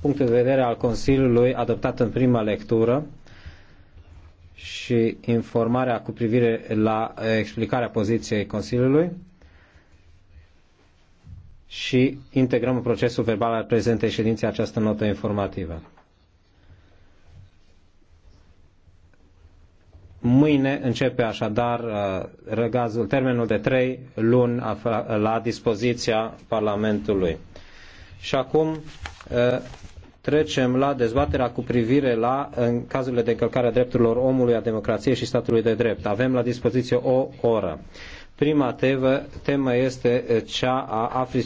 punct de vedere al Consiliului adoptat în prima lectură și informarea cu privire la explicarea poziției Consiliului și integrăm în procesul verbal al prezentei ședinței această notă informativă. Mâine începe așadar uh, răgazul, termenul de trei luni la dispoziția Parlamentului. Și acum Uh, trecem la dezbaterea cu privire la în cazurile de încălcare a drepturilor omului, a democrației și statului de drept. Avem la dispoziție o oră. Prima tevă, temă este uh, cea a Africii